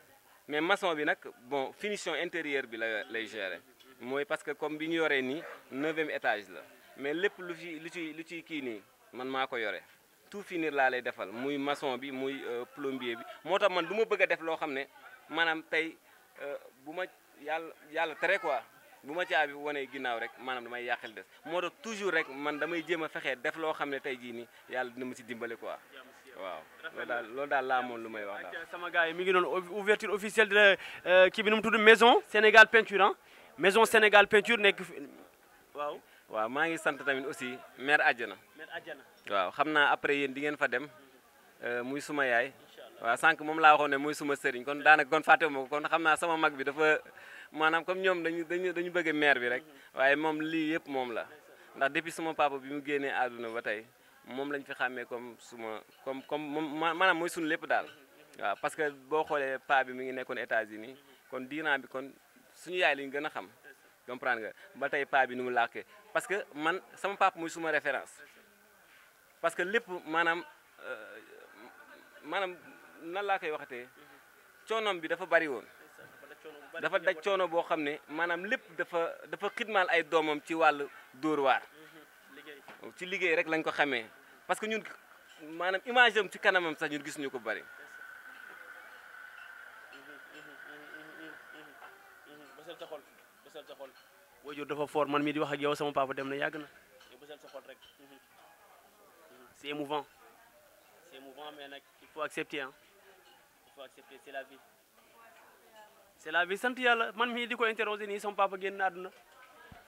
mais maçon bi nag bon finition intérieure bi la lay gérer mooy parce que comme bi ñu yoree nii neuvième étage la mais lépp lu ci lu ci lu ciy kii nii man maa ko yore. tout finir la lay defal muy maçon bi muy euh, plombier bi moo man duma bëgg def lo xamné manam tay euh, buma yalla yalla téré quoi buma ma caabi wanee ginnaaw rek manam damay yaxel des moo toujours rek man damay jëma a def lo xamné tay tey jii nii yàlla dina ma dimbale quoi waaw loolu dal la daal lumay wax daal sama gars yi mi ngi ouverture officielle de euh, kii bi nu mu maison Sénégal peinture hein, maison Sénégal peinture nek waaw waaw maa ngi sant tamit aussi maire àjjana waaw xam naa après yéen di ngeen fa dem euh, muy suma yaay waaw sànq moom laa waxoon ne muy suma sëriñ kon daanaka kon fàtte ma ko kon xam naa sama mag bi dafa maanaam comme ñoom dañu dañu dañu bëgg maire bi rek mm-hmm. waaye moom lii yëpp moom la ndax depuis suma papa bi mu génnee àdduna ba tey moom lañ fi xàmmee comme suma comme comme moom maanaam mooy suñu lépp daal mm-hmm. waaw parce que boo xoolee paa bi mi ngi nekkoon États-Unis kon diinaa bi kon suñu yaay lañ gën a xam comprendre nga ba tey paa bi nu mu làkkee parce que man sama papa muy suma référence parce que lépp maanaam euh, maanaam nan laa koy waxatee coonoom bi dafa bari woon dafa daj coono boo xam ne maanaam lépp dafa dafa xidmaal ay doomam ci wàllu dóor waar ci liggéey rek lañ ko xamee parce que ñun maanaam image am ci kanamam sax ñun gisuñu ko bari bësal sa xol waajur dafa fort man mii di wax ak yow sama papa dem na yàgg na yow bësal sa xol rek mhm. c'est émouvant c'est émouvant mais nag il faut accepter Hein. il faut accepter c'est la vie c'est la vie sant yàlla man mi di ko interroger nii sama papa génn na àdduna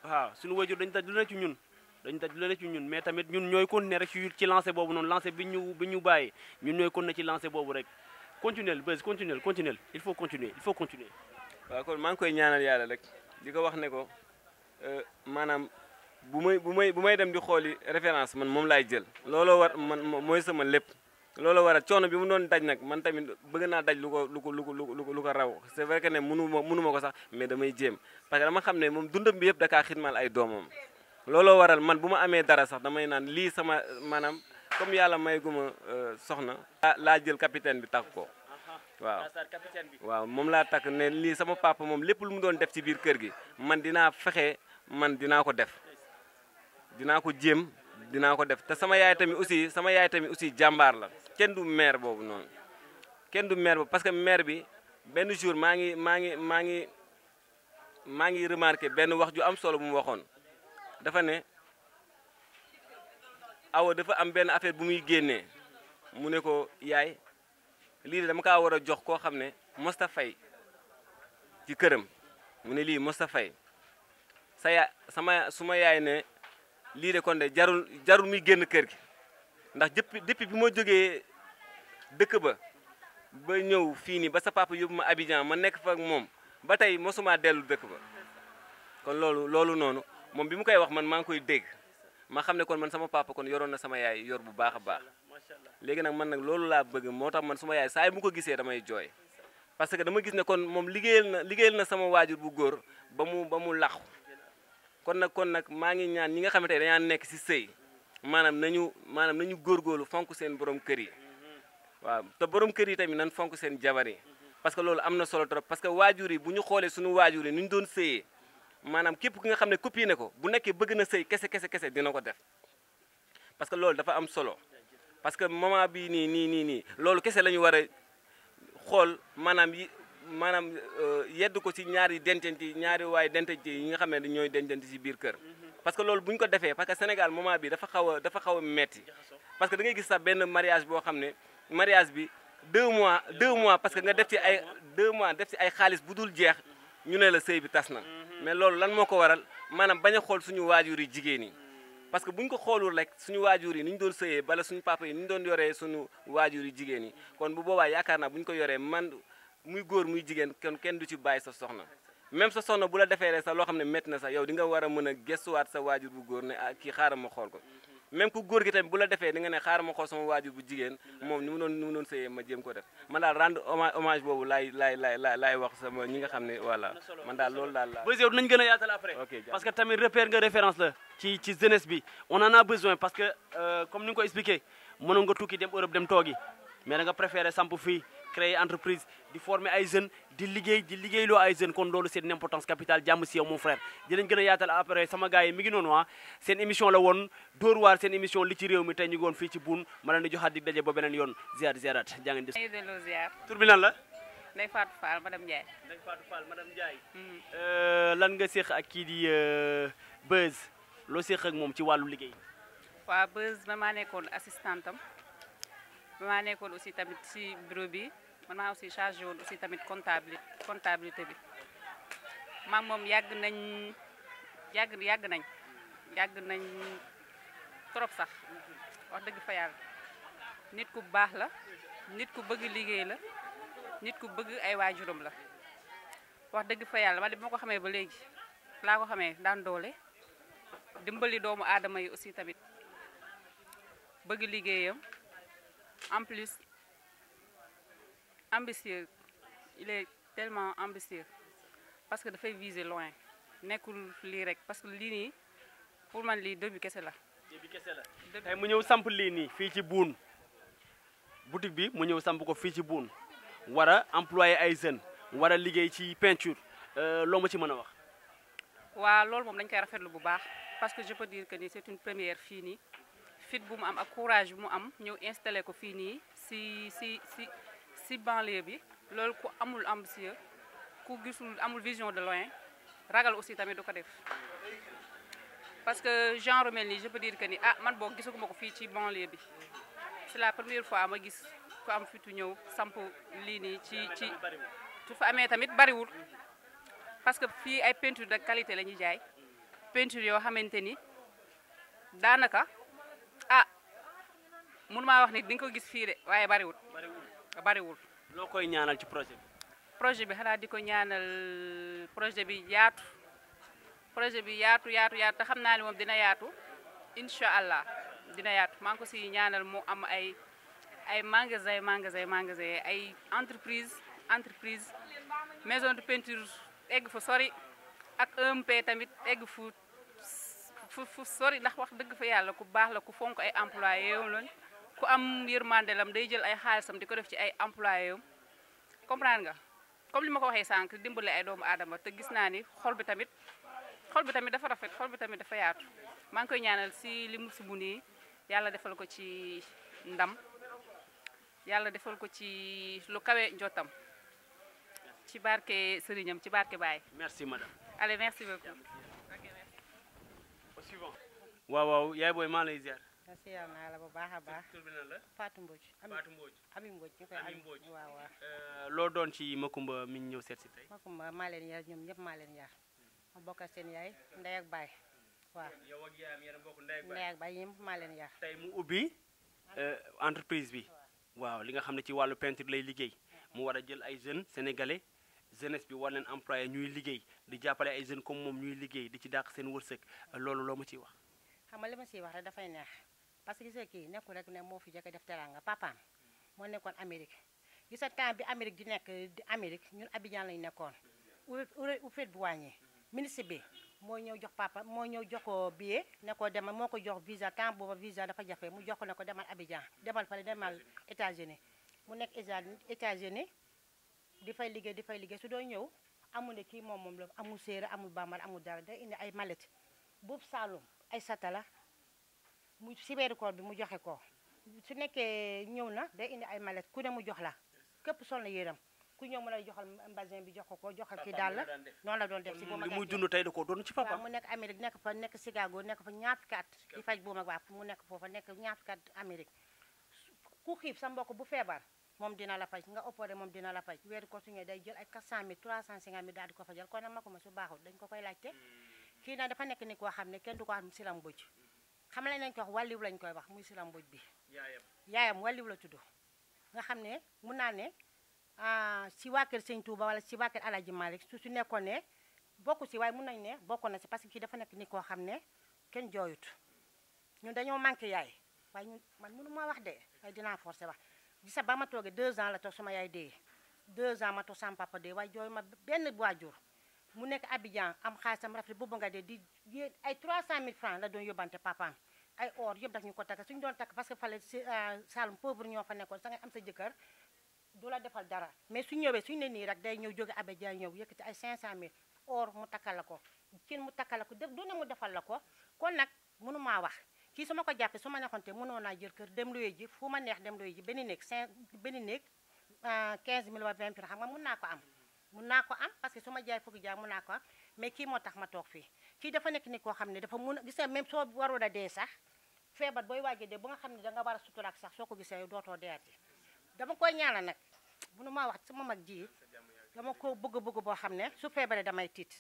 waaw suñu waajur dañu ta lu ne ci ñun dañu taj lu ne ci ñun mais tamit ñun ñooy continuer rek ci lancer lancé non lancer lancé bi ñu bi ñu bàyyi ñun ñooy continuer ci lancé boobu rek continuer bés continuer continuer il faut continuer il faut continuer waaw kon maa ngi koy ñaanal yàlla rek di ko wax ne ko euh, maanaam bu may bu may bu may dem di xooli référence man moom laay jël looloo war man mooy sama lépp looloo waral coono bi mu doon daj nag man tamit bëgg naa daj lu ko lu ko lu ko lu ko raw c'est vrai que ne mënu ma ko sax mais damay jéem parce que dama xam ne moom dundam bi yëpp dakaa xidmal ay doomam looloo waral man bu ma amee dara sax damay naan lii sama maanaam comme yàlla may guma euh, soxna laa jël capitaine bi takk ko waaw waaw moom laa takk ne lii sama papa moom lépp lu mu doon def ci biir kër gi man dinaa fexe man dinaa ko def dinaa ko jéem dinaa ko def te sama yaay tamit aussi sama yaay tamit aussi jàmbaar la kenn du maire boobu noonu kenn du meer boobu parce que maire bi benn jour maa ngi maa ngi maa ngi maa ngi benn wax ju am solo bu mu waxoon dafa ne awa dafa am benn affaire bu muy génnee mu ne ko yaay lii dama kaa war a jox koo xam ne mosta fay ci këram mu ne lii mosta fay sa sama suma yaay ne lii de kon de jarul jarul muy génn kër gi ndax depuis depuis bi ma jógee dëkk ba ba ñëw fii nii ba sa papa yóbbu ma Abidjan ma nekk fa ak moom ba tey mosuma dellu dëkk ba kon loolu loolu noonu moom bi mu koy wax man maa ngi koy dégg ma xam ne kon man sama papa kon yoroon na sama yaay yor bu baax a baax léegi nag man nag loolu laa bëgg moo tax man suma yaay saay mu ko gisee damay jooy parce que dama gis ne kon moom liggéeyal na liggéeyal na sama waajur bu góor ba mu ba mu laxu kon nag kon nag maa ngi ñaan ñi nga xamante ne dañaa nekk si sëy maanaam nañu maanaam nañu góorgóorlu fonk seen borom kër yi waaw te borom kër yi tamit nan fonk seen jabar yi parce que loolu am na solo trop parce que waajur yi bu ñu xoolee suñu waajur yi nu ñu doon sëyee maanaam képp ki nga xam ne copié ko bu nekkee bëgg na sëy kese kese kese dina ko def parce que loolu dafa am solo parce que moment bii nii nii ni nii loolu kese lañu war a xool maanaam yi maanaam euh, yedd ko si ñaari dencanti ñaari waaye dencanti yi nga xam ne ñooy dencanti si biir kër. Mhm. parce que loolu bu ñu ko defee parce que Sénégal moment bi dafa xaw xaw a metti parce que dangay gis sax benn mariage boo xam ne mariage bi deux mois deux mois parce que nga def ci ay deux mois def ci ay xaalis bu dul jeex mhm. ñu ne la sëy bi tas na. Mhm. mais loolu lan moo ko waral maanaam bañ a xool suñu waajur yi jigéen ñi. parce que bu ñu ko xoolul rek suñu waajur yi ni ñu doon sëyee bala suñu papa yi ni ñu doon yoree suñu waajur yi jigéen yi kon bu boobaa yaakaar naa bu ñu ko yoree man muy góor muy jigéen kon kenn du ci bàyyi sa soxna même sa soxna bu la defee rek sax loo xam ne métti na sax yow di nga war a mën a gestuwaat sa waajur bu góor ne ah kii xaaral ma xool ko même ku góor gi tamit bu la defee di nga ne xaar ma xool sama waajur bu jigéen moom ni mu doon ni mu doon sëyee ma jéem ko def man daal rendre hommage boobu laay laay laay laay wax sama ñi nga xam ne voilà man daal loolu daal la bés yow dinañ gën a yaatal après parce que tamit repère nga référence la ci ci jeunesse bi on en a besoin parce que euh, comme ni nga ko expliqué mënoon nga tukki dem Europe dem toogi mais da nga préféré samp fii créer entreprise di former ay jeunes di liggéey di liggéeyloo ay jeunes kon loolu c'est une importance capitale jàmm si yow mon frère dinañ yaatal après sama gars yi ngi noonu ah. seen émission la woon Dóor waar seen émission li ci réew mi tey ñu ngi woon fii ci buun ma leen di joxaat di daje ba yoon ziar ziarat jaa di delloo bi lan la Ndeye Fatou Fall madame Ndiaye Ndeye mm-hmm. euh, lan nga séq ak kii di Beuz loo séq moom ci wàllu liggéey waaw Beuz damaa nekkoon assistantam maa nekkoon aussi tamit si bureau bi man maa aussi chargé woon aussi tamit comptabilité comptabilité bi maa moom yàgg nañ yàgg yàgg nañ yàgg nañ trop sax wax dëgg fa nit ku baax la nit ku bëgg liggéey la nit ku bëgg ay waajuram la wax dëgg fa yàlla ma de moo ko xamee ba léegi laa ko xamee daan doole dimbali doomu aadama yi aussi tamit bëgg liggéeyam En plus, ambitieux, il est tellement ambitieux parce que fait viser loin Nekul parce que pour man lii début kese début mu samp boutique bi mu samp ko employé ay peinture euh, l'homme ci a wax. dañ koy faire. parce que je peux dire que c'est une première finie. fit bu mu am ak courage bu mu am ñëw installé ko fii nii si si si si banlieue bi loolu ku amul ambitieux ku gisul amul vision de loin ragal aussi tamit du ko def parce que genre mel nii je peux dire que ni ah man boo gisaguma ko fii ci banlieue bi c'est la première fois ma gis ku am fitu ñëw samp lii nii ci ci su fa amee tamit bariwul parce que fii ay peinture de qualité la ñuy jaay peinture yoo xamante ni daanaka mun maa wax ni di nga ko gis fii de waaye bariwul. bariwul loo koy ñaanal ci projet bi. projet bi xanaa di ko ñaanal projet bi yaatu projet bi yaatu yaatu yaatu te xam naa ne moom dina yaatu incha allah dina yaatu maa ngi si ñaanal mu am ay ay magasin magasin magasin ay entreprise entreprise maison de peinture egg fu sori ak EMP tamit egg fu fu sori ndax wax dëgg fa yàlla ku baax la ku fonk ay employé yow loolu ku am yërmande lam day jël ay xaalisam di ko def ci ay employé am comprendre nga comme li ma ko waxee sànq dimbale ay doomu aadama te gis naa ni xol bi tamit xol bi tamit dafa rafet xol bi tamit dafa yaatu maa ngi koy ñaanal si li mu subu nii yàlla defal ko ci ndam yàlla defal ko ci lu kawe njottam ci barke sëriñam ci barke baay merci madame. allez merci beaucoup. waaw booy maa lay ziar. siya naa la bu baax a baax tur bi nan la Fatou Mbodj Fatou Mbodj Ami Mbodj ñu koy Ami Mbodj waaw waaw euh, loo doon ci Makumba mi ñu ñëw seet si tey Makumba maa leen yar ñoom ñëpp maa leen yar ma bokk ak seen yaay ndey ak baay waaw yow ak yaayam yéen a bokk ndey ak baay ndey ak baay ñoom maa leen yar tey mu ubbi euh, entreprise bi waaw li nga xam ne ci wàllu peinture lay liggéey mu war a jël ay jeunes sénégalais jeunesse bi war leen employé ñuy liggéey di jàppale ay jeunes comme moom ñuy liggéey di parce que gis nekku kii nekkul rek ne moo fi jëkk def teraanga papaam moo nekkoon Amérique gis nga temps bi amerique di nekk di Amérique ñun Abidjan lañu nekkoon Houphouët-Boigny bu wàññi ministre bi moo ñëw jox papa moo ñëw jox ko billet ne ko demal moo ko jox visa temps booba visa dafa jafe mu jox ko ne ko demal Abidjan demal pare demal États-Unis mu nekk États-Unis di fay liggéey di fay liggéey su doo ñëw amu ne kii moom moom la amul séeréer amul baamal amul dara day indi ay malet boobu Saalum ay satala mu si weeru koor bi mu joxe ko su nekkee ñëw na day indi ay malet ku ne mu jox la képp sol na yéram ku ñëw mu a joxal mbasin bi jox ko ko joxal ki daal la noonu la doon def si boobu li muy dund tey da koo doon ci papa mu nekk Amérique nekk fa nekk Chicago nekk fa ñaar fukki at di faj boobu ak waa mu nekk nekk ñaar fukki at Amérique ku xiif sa mbokk bu feebar moom dina la faj nga opéré moom dina la faj weeru koor su ñëwee day jël ay 400000 350000 daal di ko fajal kon nag ma ko ma su baaxul dañ ko koy laajte hmm. kii nag dafa nekk ni koo xam ne kenn du ko xam xam lañ lañ ko wax walliw lañ koy wax muy Sira Mbodj bi yaayam walliw wàlliw la tudd nga xam ne mun naa ne ah, si waa kër Sëñ Touba si waa kër ji Malick su su nekkoon ne bokku si waaye mun nañ ne bokkoon na si parce que kii dafa nekk ni koo xam ne kenn jooyut ñu dañoo manqué yaay waaye ñun man mënu ma wax de dinaa forcé wax gisa ba ma toogee deux ans la toog sama yaay dee deux ans ma toog sama papa dee waaye jooyu ma benn waajur mu nekk Abidjan am xaalisam rafet bu nga de di yéen ay 300000 francs la doon yóbbante papaam ay or yëpp daf ñu ko takk suñu doon takk parce que fale si euh, Saloum pauvre ñoo fa nekkoon sa ngay am sa jëkkër du la defal dara mais su ñëwee suñu ne nii rek day ñëw jóge Abidjan ñëw yëkkati ay 500000 or mu takkal la ko cin mu takkal la ko def du ne mu defal la ko kon nag mënumaa wax kii su ma ko jàppee su ma nekkoon te mënoon naa jël kër dem luye ji fu ma neex dem luye ji benn néeg 5 benn néeg 15000 euh, wala 20000 xam nga mën naa ko am mun naa ko am parce que su ma jaay fukki jaay mun naa ko am mais kii moo tax ma toog fii kii dafa nekk ni koo xam ne dafa mun a gis nga même soo waroon a dee sax feebar booy waaj a dee ba nga xam ne danga war a suturaak sax soo ko gisee dootoo deeati dama koy ñaanal nag munu maa wax sama mag ji dama ko bëgg bëgg boo xam ne su feebaree damay tiit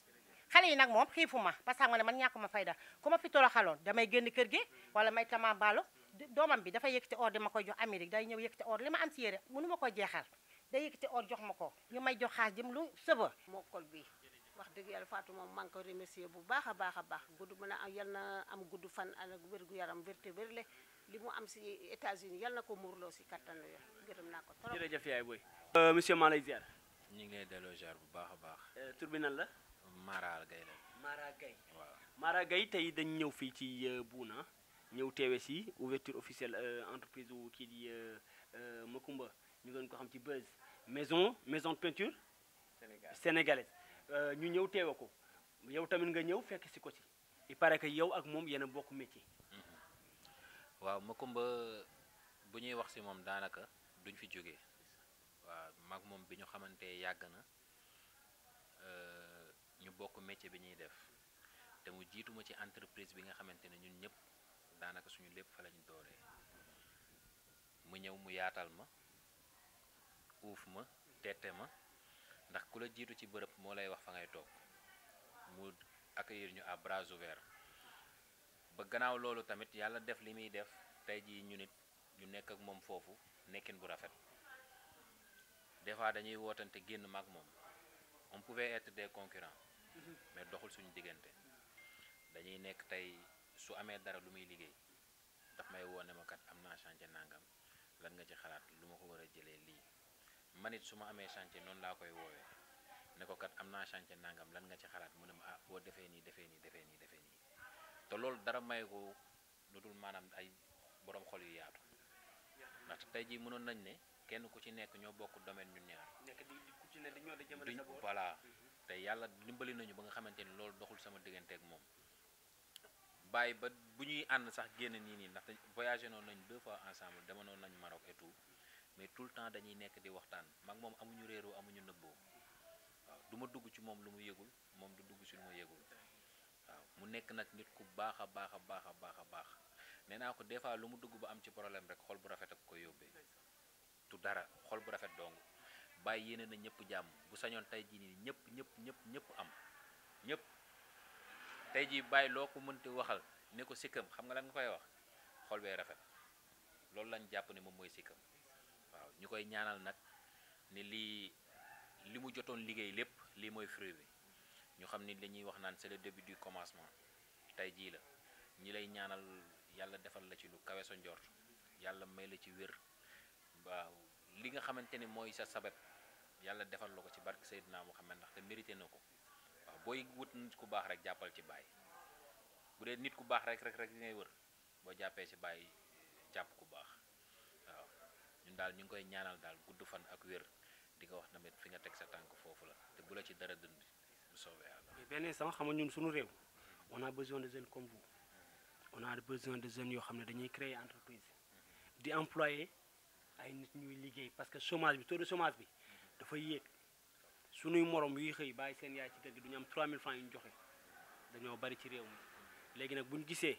xale yi nag moom xiifu ma parce que xam nga ne man ñàkkuma fayda ku ma fi toroxaloon damay génn kër gi wala may tamambaalo doomam bi dafa yëkkati or di ma koy jox Amérique day ñëw yëkkati or li ma am si yére mënu ma koo jeexal day yëkkati or jox ma ko ñu may jox xaas jëm lu sëba moo kol bi wax dëgg yàlla Fatou moom maa ngi bu baax a baax a baax gudd mën a yal na am gudd fan ak wer gu yaram wérte wérle li mu am si États-Unis yal na ko muurloo si kattan la yor naa ko trop. jërëjëf euh, monsieur maa lay ziar. ñu delloo ziar bu baax a baax. Euh, tur bi la. Mara Gaye la. Mara Gaye. waaw tey dañ ñëw fii ci euh, Bouna ñëw teewe si ouverture officielle entreprise wu kii di Macoumba. ñu gën ko xam ci Buzz maison maison de peinture sénégalaise euh, ñu ñëw teewe ko yow tamit nga ñëw fekk si ko ci il paraît que yow ak moom yéen a bokk métier mhm. waaw Macoumba bu ñuy wax si moom daanaka duñ fi jógee waaw mag moom bi ñu xamante yàgg na euh, ñu bokk métier bi ñuy def te mu jiituma ci entreprise bi nga xamante ne ñun ñëpp daanaka suñu lépp fa lañ dooree mu ñëw mu yaatal ma uuf ma tette ma ndax ku la jiitu ci bërëb moo lay wax fa ngay toog mu accueillir ñu à bras ba gannaaw loolu tamit yàlla def li muy def tey jii ñu nit ñu nekk ak moom foofu nekkin bu rafet des fois dañuy wootante génn mag moom on pouvait être des concurrents mhm. mais doxul suñu diggante dañuy nekk tey su amee dara lu muy liggéey daf may woone ma kat am naa chantier nangam lan nga ci xalaat lu ma ko war a jëlee lii manit su ma amee chantier noonu laa koy woowee ne ko kat am naa chantier nangam lan nga ci xalaat mu ne ma ah boo defee nii defee nii defee nii defee nii te loolu dara may ko lu dul maanaam ay boroom xol yu yaatu ndaxte tey jii mënoon nañ ne kenn ku ci nekk ñoo bokk domaine ñun ñaar. nekk di ku ci ne dañoo jëmale sa bopp voilà mm-hmm. te yàlla dimbali nañu ba nga xamante ni loolu doxul sama diggante ak moom bàyyi ba bu ñuy ànd sax génn nii nii ndaxte voyagé noonu nañ deux fois ensemble dama noonu nañ Maroc et mais tout le temps dañuy nekk di waxtaan mag moom amuñu réeroo amuñu nëbboo waaw du ma dugg ci moom lu mu yëgul moom du dugg ci lu ma yëgul waaw mu nekk nag nit ku baax a baax a baax a baax a baax nee naa ko des fois lu mu dugg ba am ci problème rek xol bu rafet ak ko yóbbee tu dara xol bu rafet dong bàyyi yéene na ñëpp jàmm bu sañoon tey jii nii ñëpp ñëpp ñëpp ñëpp am ñëpp tey jii bàyyi loo ko mënti waxal ne ko sikkam xam nga lan nga koy wax xol bee rafet loolu lañ jàpp ne moom mooy sikkam ñukoy ñaanal nak ni li mu jotoon liggey lepp li moy fruit bi ñu xamni ni dañuy wax naan c'est le début du commencement tay ji la ñi lay ñaanal yalla defal la ci lu kawe sa njort yàlla may la ci wër waaw li nga xamanteni moy sa sabab yalla defal lako ci barke Seydina Muhammad ndax te mérité nako waaw wut nit ku bax rek jappal ci baye bu dé nit ku bax rek rek rek ngay wër bo jappé ci baye japp ko ñun daal ñu ngi koy ñaanal daal gudd fan ak wér di ko wax tamit fi nga teg sa tànk foofu la te bu la ci dara dund bu soobee yàlla. beneen sama xam ñun suñu réew on a besoin de jeunes comme vous on a besoin de jeunes yoo xam ne dañuy créer entreprise di employé ay nit ñuy liggéey parce que chômage bi taux de chômage bi dafa yéeg suñuy morom yuy xëy bàyyi seen yaay ci dëgg du ñu am 3000 francs yu ñu joxe dañoo bari ci réew mi léegi nag bu ñu gisee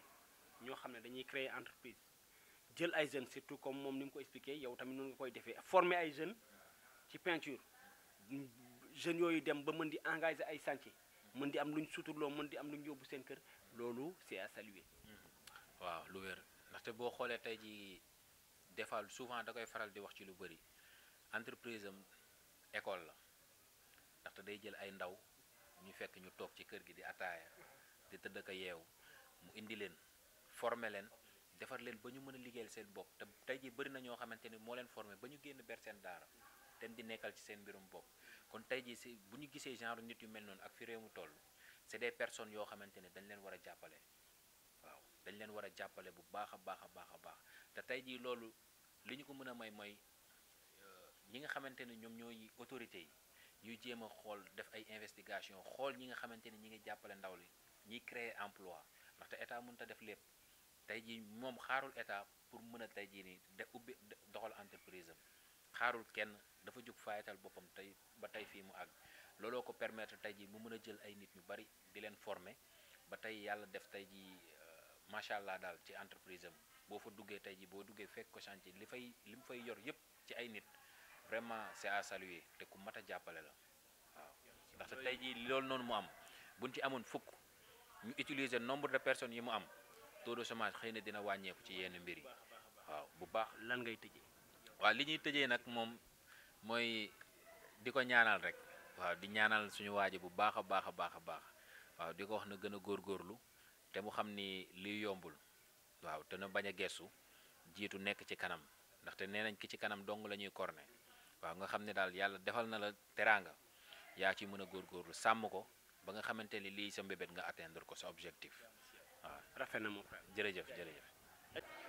ñoo xam ne dañuy créer entreprise. jël ay jeunes surtout comme moom ni mu ko expliqué yow tamit noonu nga koy defee former ay jeunes ci peinture jeunes yooyu dem ba mën di engager ay chantier mën di am luñ suturloo mën di am luñ yóbbu seen kër loolu c'est à saluer. Mmh. waaw lu wér ndaxte boo xoolee tey jii des fois souvent da koy faral di wax ci lu bëri entreprise am école la ndaxte day jël ay ndaw ñu fekk ñu toog ci kër gi di ataaya di tëdd ko yeew mu indi leen former leen. defar leen ba ñu mën a liggéeyal seen bopp te tey jii bëri na ñoo xamante ni moo leen formé ba ñu génn ber seen daara ten di nekkal ci seen mbirum bopp kon tey jii si bu ñu gisee genre nit yu mel noonu ak fi réew mu toll c'est des personnes yoo xamante ne dañ leen war a jàppale waaw dañ leen war a jàppale bu baax a baax a baax a baax te tey jii loolu li ñu ko mën a may mooy euh, ñi nga xamante ne ñoom ñooy autorités yi ñuy jéem a xool def ay investigation xool ñi nga xamante ni ñi ngi jàppale ndaw li ñiy créer emploi ndaxte état mënut a def lépp tey jii moom xaarul état pour mën a tey jii nii de ubbi doxal entreprise am xaarul kenn dafa jóg faayatal boppam tey ba tey fii mu àgg looloo ko permettre tey jii mu mën a jël ay nit ñu bari di leen former ba tey yàlla def tey jii euh, macha allah daal ci entreprise am boo fa duggee tey jii boo duggee fekk ko chantier li fay li mu fay yor yëpp ci ay nit vraiment c'est à saluer te ku mat a jàppale la waaw ndaxte tey ji loolu noonu mu am buñ ci amoon fukk ñu utiliser nombre de personnes yi mu am. taux de chômage xëy na dina wàññeeku ci yenn mbir yi waaw bu baax lan ngay tëjee waaw li ñuy tëjee nag moom mooy di ko ñaanal rek waaw di ñaanal suñu waaji bu baax a baax a baax a baax waaw di ko wax na gën a góorgóorlu te mu xam ni yombul waaw te na bañ a gestu jiitu ci kanam ndaxte nee nañ ki ci kanam dong la ñuy korne waaw nga xam ne daal yàlla defal na la teraanga yaa ci mën a góorgóorlu sàmm ko ba nga xamante ni sa mbébét nga atteindre ko sa objectif rafet na mon frère jërëjëf jërëjëf